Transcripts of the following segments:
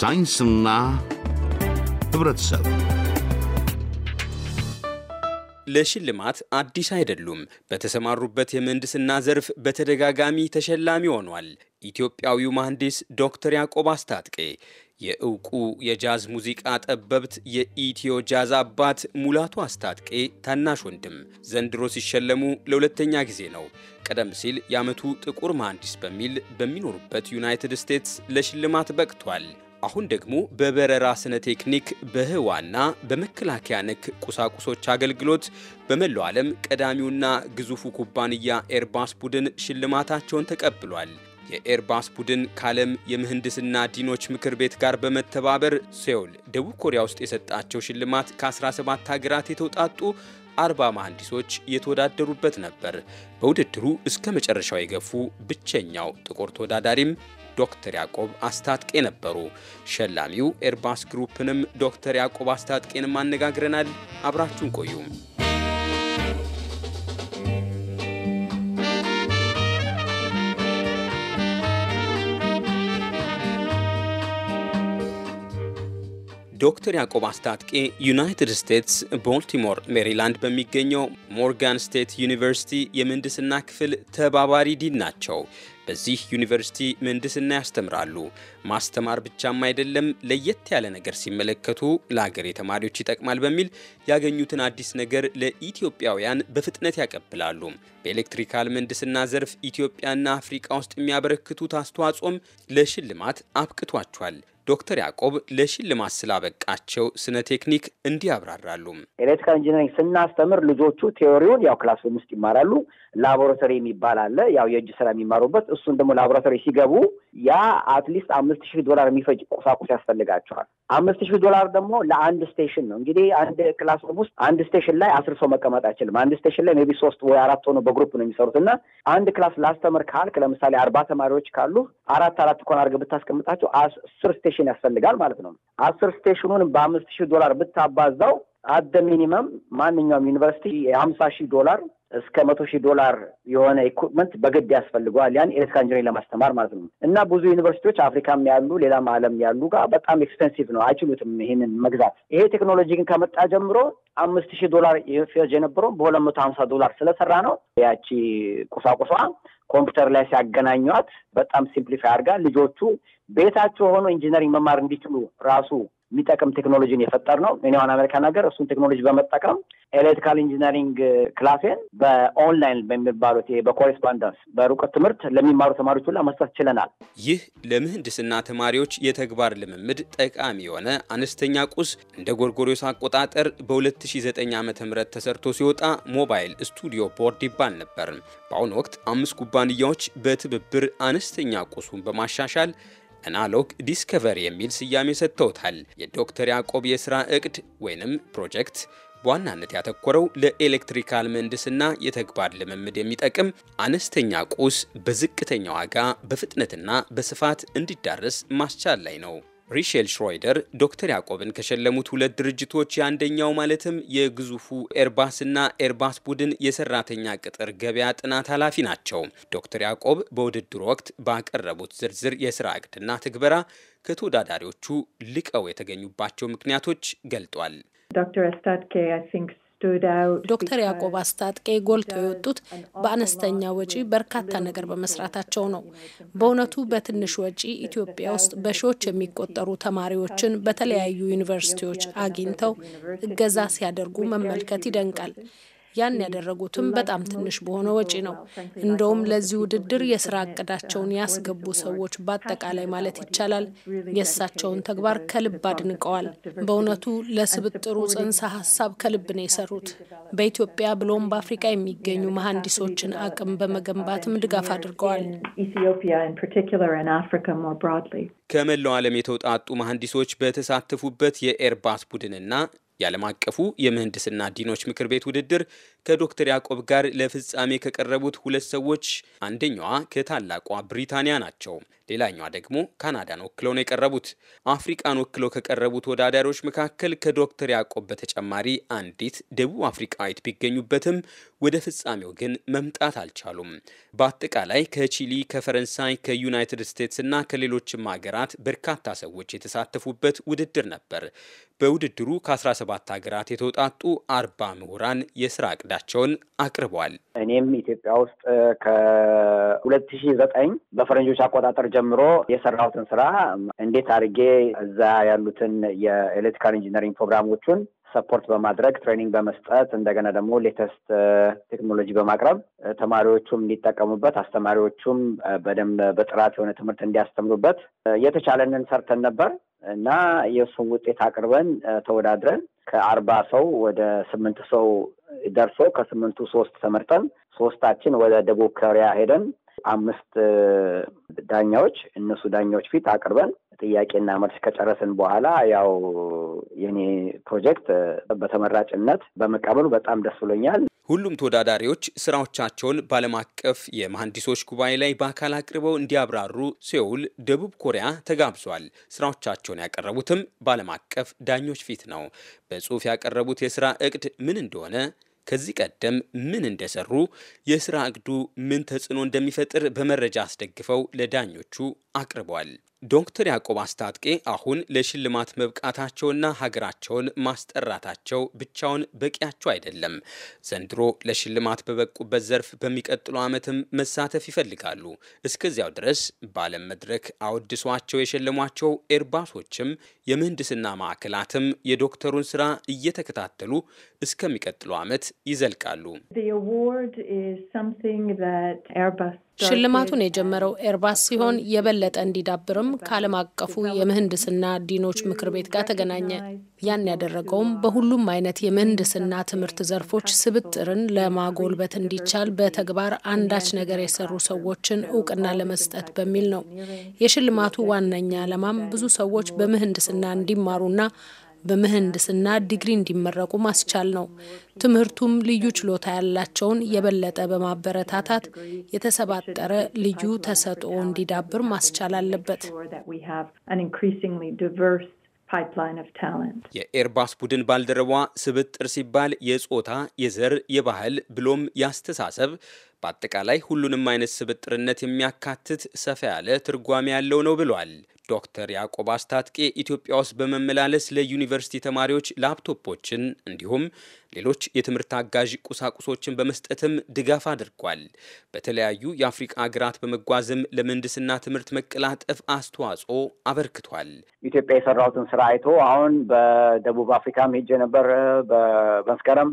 ሳይንስና ህብረተሰብ ለሽልማት አዲስ አይደሉም። በተሰማሩበት የምህንድስና ዘርፍ በተደጋጋሚ ተሸላሚ ሆኗል። ኢትዮጵያዊው መሐንዲስ ዶክተር ያዕቆብ አስታጥቄ የእውቁ የጃዝ ሙዚቃ ጠበብት የኢትዮ ጃዝ አባት ሙላቱ አስታጥቄ ታናሽ ወንድም ዘንድሮ ሲሸለሙ ለሁለተኛ ጊዜ ነው። ቀደም ሲል የዓመቱ ጥቁር መሐንዲስ በሚል በሚኖሩበት ዩናይትድ ስቴትስ ለሽልማት በቅቷል። አሁን ደግሞ በበረራ ስነ ቴክኒክ በህዋና በመከላከያ ነክ ቁሳቁሶች አገልግሎት በመላው ዓለም ቀዳሚውና ግዙፉ ኩባንያ ኤርባስ ቡድን ሽልማታቸውን ተቀብሏል። የኤርባስ ቡድን ከዓለም የምህንድስና ዲኖች ምክር ቤት ጋር በመተባበር ሴውል፣ ደቡብ ኮሪያ ውስጥ የሰጣቸው ሽልማት ከ17 ሀገራት የተውጣጡ አርባ መሐንዲሶች የተወዳደሩበት ነበር። በውድድሩ እስከ መጨረሻው የገፉ ብቸኛው ጥቁር ተወዳዳሪም ዶክተር ያዕቆብ አስታጥቄ ነበሩ። ሸላሚው ኤርባስ ግሩፕንም ዶክተር ያዕቆብ አስታጥቄንም አነጋግረናል። አብራችሁን ቆዩም ዶክተር ያዕቆብ አስታጥቄ ዩናይትድ ስቴትስ ቦልቲሞር ሜሪላንድ በሚገኘው ሞርጋን ስቴት ዩኒቨርሲቲ የምህንድስና ክፍል ተባባሪ ዲን ናቸው። በዚህ ዩኒቨርሲቲ ምህንድስና ያስተምራሉ። ማስተማር ብቻም አይደለም፣ ለየት ያለ ነገር ሲመለከቱ ለሀገር የተማሪዎች ይጠቅማል በሚል ያገኙትን አዲስ ነገር ለኢትዮጵያውያን በፍጥነት ያቀብላሉ። በኤሌክትሪካል ምህንድስና ዘርፍ ኢትዮጵያና አፍሪቃ ውስጥ የሚያበረክቱት አስተዋጽኦም ለሽልማት አብቅቷቸዋል። ዶክተር ያዕቆብ ለሽልማት ስላበቃቸው ስነ ቴክኒክ እንዲህ ያብራራሉ። ኤሌክትሪካል ኢንጂነሪንግ ስናስተምር ልጆቹ ቴዎሪውን ያው ክላስሩም ውስጥ ይማራሉ። ላቦራቶሪ የሚባል አለ፣ ያው የእጅ ስራ የሚማሩበት እሱን ደግሞ ላቦራቶሪ ሲገቡ ያ አትሊስት አምስት ሺህ ዶላር የሚፈጅ ቁሳቁስ ያስፈልጋቸዋል። አምስት ሺህ ዶላር ደግሞ ለአንድ ስቴሽን ነው። እንግዲህ አንድ ክላስ ሩም ውስጥ አንድ ስቴሽን ላይ አስር ሰው መቀመጥ አይችልም። አንድ ስቴሽን ላይ ቢ ሶስት ወይ አራት ሆኖ በግሩፕ ነው የሚሰሩት እና አንድ ክላስ ላስተምር ካልክ ለምሳሌ አርባ ተማሪዎች ካሉ አራት አራት ኮን አድርገህ ብታስቀምጣቸው አስር ስቴሽን ያስፈልጋል ማለት ነው። አስር ስቴሽኑን በአምስት ሺህ ዶላር ብታባዛው አደ ሚኒመም ማንኛውም ዩኒቨርሲቲ የሀምሳ ሺህ ዶላር እስከ መቶ ሺህ ዶላር የሆነ ኢኩፕመንት በግድ ያስፈልገዋል። ያን ኤሌክትሪካል ኢንጂነሪንግ ለማስተማር ማለት ነው። እና ብዙ ዩኒቨርሲቲዎች አፍሪካም ያሉ ሌላም ዓለም ያሉ ጋር በጣም ኤክስፐንሲቭ ነው፣ አይችሉትም ይህንን መግዛት። ይሄ ቴክኖሎጂ ግን ከመጣ ጀምሮ አምስት ሺህ ዶላር ፌዝ የነበረው በሁለት መቶ ሀምሳ ዶላር ስለሰራ ነው ያቺ ቁሳቁሷ ኮምፒውተር ላይ ሲያገናኟት በጣም ሲምፕሊፋይ አድርጋ ልጆቹ ቤታቸው ሆኖ ኢንጂነሪንግ መማር እንዲችሉ ራሱ የሚጠቅም ቴክኖሎጂን የፈጠር ነው። እኔ አሁን አሜሪካን ሀገር እሱን ቴክኖሎጂ በመጠቀም ኤሌክትሪካል ኢንጂነሪንግ ክላሴን በኦንላይን በሚባሉት በኮሬስፖንደንስ በሩቀት ትምህርት ለሚማሩ ተማሪዎች ሁላ መስጠት ችለናል። ይህ ለምህንድስና ተማሪዎች የተግባር ልምምድ ጠቃሚ የሆነ አነስተኛ ቁስ እንደ ጎርጎሪዮስ አቆጣጠር በ2009 ዓ ም ተሰርቶ ሲወጣ ሞባይል ስቱዲዮ ቦርድ ይባል ነበር። በአሁኑ ወቅት አምስት ኩባንያዎች በትብብር አነስተኛ ቁሱን በማሻሻል አናሎግ ዲስከቨሪ የሚል ስያሜ ሰጥተውታል። የዶክተር ያዕቆብ የሥራ ዕቅድ ወይንም ፕሮጀክት በዋናነት ያተኮረው ለኤሌክትሪካል ምህንድስና የተግባር ልምምድ የሚጠቅም አነስተኛ ቁስ በዝቅተኛ ዋጋ በፍጥነትና በስፋት እንዲዳረስ ማስቻል ላይ ነው። ሪሼል ሽሮይደር ዶክተር ያዕቆብን ከሸለሙት ሁለት ድርጅቶች የአንደኛው ማለትም የግዙፉ ኤርባስና ኤርባስ ቡድን የሰራተኛ ቅጥር ገበያ ጥናት ኃላፊ ናቸው። ዶክተር ያዕቆብ በውድድሩ ወቅት ባቀረቡት ዝርዝር የስራ እቅድና ትግበራ ከተወዳዳሪዎቹ ልቀው የተገኙባቸው ምክንያቶች ገልጧል። ዶክተር አስታጥቄ ዶክተር ያዕቆብ አስታጥቄ ጎልተው የወጡት በአነስተኛ ወጪ በርካታ ነገር በመስራታቸው ነው። በእውነቱ በትንሽ ወጪ ኢትዮጵያ ውስጥ በሺዎች የሚቆጠሩ ተማሪዎችን በተለያዩ ዩኒቨርሲቲዎች አግኝተው እገዛ ሲያደርጉ መመልከት ይደንቃል። ያን ያደረጉትም በጣም ትንሽ በሆነ ወጪ ነው። እንደውም ለዚህ ውድድር የስራ እቅዳቸውን ያስገቡ ሰዎች በአጠቃላይ ማለት ይቻላል የእሳቸውን ተግባር ከልብ አድንቀዋል። በእውነቱ ለስብጥሩ ጽንሰ ሀሳብ ከልብ ነው የሰሩት። በኢትዮጵያ ብሎም በአፍሪካ የሚገኙ መሐንዲሶችን አቅም በመገንባትም ድጋፍ አድርገዋል። ከመላው ዓለም የተውጣጡ መሐንዲሶች በተሳተፉበት የኤርባስ ቡድንና የዓለም አቀፉ የምህንድስና ዲኖች ምክር ቤት ውድድር ከዶክተር ያዕቆብ ጋር ለፍጻሜ ከቀረቡት ሁለት ሰዎች አንደኛዋ ከታላቋ ብሪታንያ ናቸው። ሌላኛዋ ደግሞ ካናዳን ወክለው ነው የቀረቡት። አፍሪቃን ወክለው ከቀረቡት ወዳዳሪዎች መካከል ከዶክተር ያዕቆብ በተጨማሪ አንዲት ደቡብ አፍሪቃዊት ቢገኙበትም ወደ ፍጻሜው ግን መምጣት አልቻሉም። በአጠቃላይ ከቺሊ፣ ከፈረንሳይ፣ ከዩናይትድ ስቴትስ እና ከሌሎችም ሀገራት በርካታ ሰዎች የተሳተፉበት ውድድር ነበር። በውድድሩ ከ17 ሀገራት የተውጣጡ አርባ ምሁራን የስራ ጥያቄያቸውን አቅርበዋል። እኔም ኢትዮጵያ ውስጥ ከሁለት ሺህ ዘጠኝ በፈረንጆች አቆጣጠር ጀምሮ የሰራሁትን ስራ እንዴት አድርጌ እዛ ያሉትን የኤሌክትሪካል ኢንጂነሪንግ ፕሮግራሞቹን ሰፖርት በማድረግ ትሬኒንግ በመስጠት እንደገና ደግሞ ሌተስት ቴክኖሎጂ በማቅረብ ተማሪዎቹም እንዲጠቀሙበት አስተማሪዎቹም በደንብ በጥራት የሆነ ትምህርት እንዲያስተምሩበት የተቻለንን ሰርተን ነበር እና የእሱን ውጤት አቅርበን ተወዳድረን ከአርባ ሰው ወደ ስምንት ሰው ደርሶ ከስምንቱ ሶስት ተመርጠን ሶስታችን ወደ ደቡብ ኮሪያ ሄደን አምስት ዳኛዎች እነሱ ዳኛዎች ፊት አቅርበን ጥያቄና መልስ ከጨረስን በኋላ ያው የኔ ፕሮጀክት በተመራጭነት በመቀበሉ በጣም ደስ ብሎኛል። ሁሉም ተወዳዳሪዎች ስራዎቻቸውን በዓለም አቀፍ የመሐንዲሶች ጉባኤ ላይ በአካል አቅርበው እንዲያብራሩ ሴውል፣ ደቡብ ኮሪያ ተጋብዟል። ስራዎቻቸውን ያቀረቡትም በዓለም አቀፍ ዳኞች ፊት ነው። በጽሁፍ ያቀረቡት የስራ እቅድ ምን እንደሆነ ከዚህ ቀደም ምን እንደሰሩ፣ የስራ እግዱ ምን ተጽዕኖ እንደሚፈጥር በመረጃ አስደግፈው ለዳኞቹ አቅርበዋል። ዶክተር ያዕቆብ አስታጥቄ አሁን ለሽልማት መብቃታቸውና ሀገራቸውን ማስጠራታቸው ብቻውን በቂያቸው አይደለም። ዘንድሮ ለሽልማት በበቁበት ዘርፍ በሚቀጥለው ዓመትም መሳተፍ ይፈልጋሉ። እስከዚያው ድረስ በዓለም መድረክ አወድሷቸው የሸለሟቸው ኤርባሶችም የምህንድስና ማዕከላትም የዶክተሩን ስራ እየተከታተሉ እስከሚቀጥለው ዓመት ይዘልቃሉ። ሽልማቱን የጀመረው ኤርባስ ሲሆን የበለጠ እንዲዳብርም ከዓለም አቀፉ የምህንድስና ዲኖች ምክር ቤት ጋር ተገናኘ። ያን ያደረገውም በሁሉም አይነት የምህንድስና ትምህርት ዘርፎች ስብጥርን ለማጎልበት እንዲቻል በተግባር አንዳች ነገር የሰሩ ሰዎችን እውቅና ለመስጠት በሚል ነው። የሽልማቱ ዋነኛ ዓላማም ብዙ ሰዎች በምህንድስና እንዲማሩና በምህንድስና ዲግሪ እንዲመረቁ ማስቻል ነው። ትምህርቱም ልዩ ችሎታ ያላቸውን የበለጠ በማበረታታት የተሰባጠረ ልዩ ተሰጥኦ እንዲዳብር ማስቻል አለበት። የኤርባስ ቡድን ባልደረቧ ስብጥር ሲባል የጾታ፣ የዘር፣ የባህል ብሎም ያስተሳሰብ በአጠቃላይ ሁሉንም አይነት ስብጥርነት የሚያካትት ሰፋ ያለ ትርጓሜ ያለው ነው ብሏል። ዶክተር ያዕቆብ አስታጥቄ ኢትዮጵያ ውስጥ በመመላለስ ለዩኒቨርሲቲ ተማሪዎች ላፕቶፖችን እንዲሁም ሌሎች የትምህርት አጋዥ ቁሳቁሶችን በመስጠትም ድጋፍ አድርጓል። በተለያዩ የአፍሪቃ ሀገራት በመጓዝም ለምህንድስና ትምህርት መቀላጠፍ አስተዋጽኦ አበርክቷል። ኢትዮጵያ የሰራሁትን ስራ አይቶ አሁን በደቡብ አፍሪካም ሄጄ ነበር፣ በመስከረም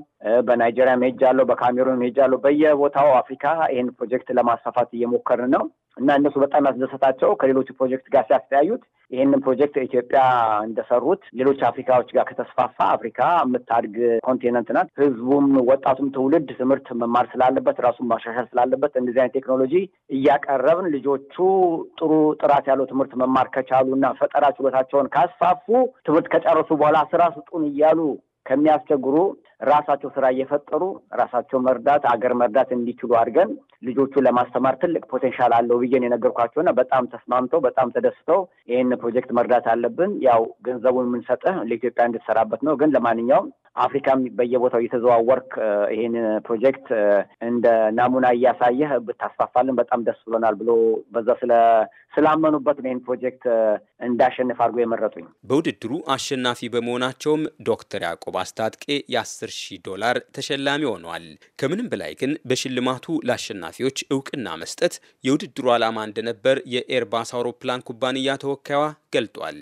በናይጄሪያም ሄጃለሁ፣ በካሜሩንም ሄጃለሁ። በየቦታው አፍሪ አፍሪካ ይህን ፕሮጀክት ለማስፋፋት እየሞከርን ነው እና እነሱ በጣም ያስደሰታቸው ከሌሎቹ ፕሮጀክት ጋር ሲያስተያዩት ይህንን ፕሮጀክት ኢትዮጵያ እንደሰሩት ሌሎች አፍሪካዎች ጋር ከተስፋፋ አፍሪካ የምታድግ ኮንቲነንት ናት። ህዝቡም፣ ወጣቱም ትውልድ ትምህርት መማር ስላለበት ራሱን ማሻሻል ስላለበት እንደዚህ አይነት ቴክኖሎጂ እያቀረብን ልጆቹ ጥሩ ጥራት ያለው ትምህርት መማር ከቻሉ እና ፈጠራ ችሎታቸውን ካስፋፉ ትምህርት ከጨረሱ በኋላ ስራ ስጡን እያሉ ከሚያስቸግሩ ራሳቸው ስራ እየፈጠሩ ራሳቸው መርዳት አገር መርዳት እንዲችሉ አድርገን ልጆቹ ለማስተማር ትልቅ ፖቴንሻል አለው ብዬን የነገርኳቸውና በጣም ተስማምተው በጣም ተደስተው ይህን ፕሮጀክት መርዳት አለብን፣ ያው ገንዘቡን የምንሰጥህ ለኢትዮጵያ እንድትሰራበት ነው፣ ግን ለማንኛውም አፍሪካም በየቦታው እየተዘዋወርክ ይህን ፕሮጀክት እንደ ናሙና እያሳየህ ብታስፋፋልን በጣም ደስ ብሎናል ብሎ በዛ ስለ ስላመኑበት ነው ይህን ፕሮጀክት እንዳሸንፍ አድርጎ የመረጡኝ። በውድድሩ አሸናፊ በመሆናቸውም ዶክተር ያቆ ሮባ አስታጥቄ የ10 ሺህ ዶላር ተሸላሚ ሆኗል። ከምንም በላይ ግን በሽልማቱ ለአሸናፊዎች እውቅና መስጠት የውድድሩ ዓላማ እንደነበር የኤርባስ አውሮፕላን ኩባንያ ተወካይዋ ገልጧል።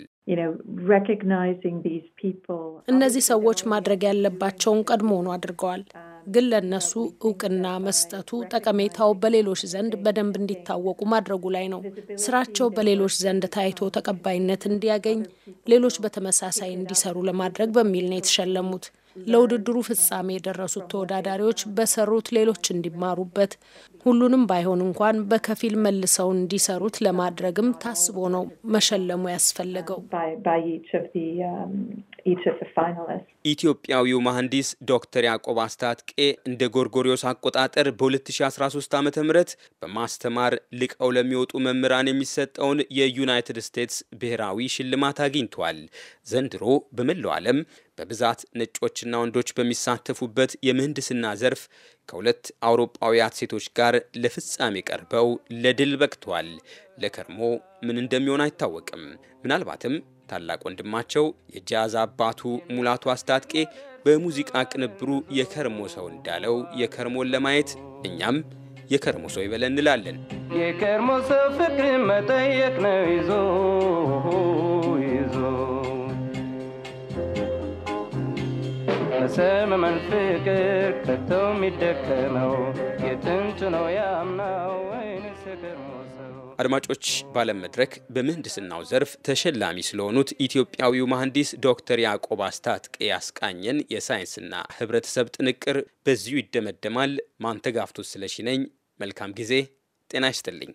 እነዚህ ሰዎች ማድረግ ያለባቸውን ቀድሞውኑ አድርገዋል። ግን ለእነሱ እውቅና መስጠቱ ጠቀሜታው በሌሎች ዘንድ በደንብ እንዲታወቁ ማድረጉ ላይ ነው። ስራቸው በሌሎች ዘንድ ታይቶ ተቀባይነት እንዲያገኝ፣ ሌሎች በተመሳሳይ እንዲሰሩ ለማድረግ በሚል ነው የተሸለሙት። ለውድድሩ ፍጻሜ የደረሱት ተወዳዳሪዎች በሰሩት ሌሎች እንዲማሩበት፣ ሁሉንም ባይሆን እንኳን በከፊል መልሰው እንዲሰሩት ለማድረግም ታስቦ ነው መሸለሙ ያስፈለገው። um, ኢትዮጵያዊው መሐንዲስ ዶክተር ያዕቆብ አስታጥቄ እንደ ጎርጎሪዮስ አቆጣጠር በ2013 ዓ ም በማስተማር ልቀው ለሚወጡ መምህራን የሚሰጠውን የዩናይትድ ስቴትስ ብሔራዊ ሽልማት አግኝቷል። ዘንድሮ በመላው ዓለም በብዛት ነጮችና ወንዶች በሚሳተፉበት የምህንድስና ዘርፍ ከሁለት አውሮጳውያት ሴቶች ጋር ለፍጻሜ ቀርበው ለድል በቅተዋል። ለከርሞ ምን እንደሚሆን አይታወቅም። ምናልባትም ታላቅ ወንድማቸው የጃዝ አባቱ ሙላቱ አስታጥቄ በሙዚቃ ቅንብሩ የከርሞ ሰው እንዳለው የከርሞን ለማየት እኛም የከርሞ ሰው ይበለን እንላለን። የከርሞ ሰው ፍቅር መጠየቅ ነው ይዞ በሰመመን ፍቅር ከቶ የሚደከመው ነው ያምናው ወይንስ የቀድሞ አድማጮች ባለም መድረክ በምህንድስናው ዘርፍ ተሸላሚ ስለሆኑት ኢትዮጵያዊው መሐንዲስ ዶክተር ያዕቆብ አስታጥቄ ያስቃኘን የሳይንስና ህብረተሰብ ጥንቅር በዚሁ ይደመደማል። ማንተጋፍቶ ስለሺ ነኝ። መልካም ጊዜ። ጤና ይስጥልኝ።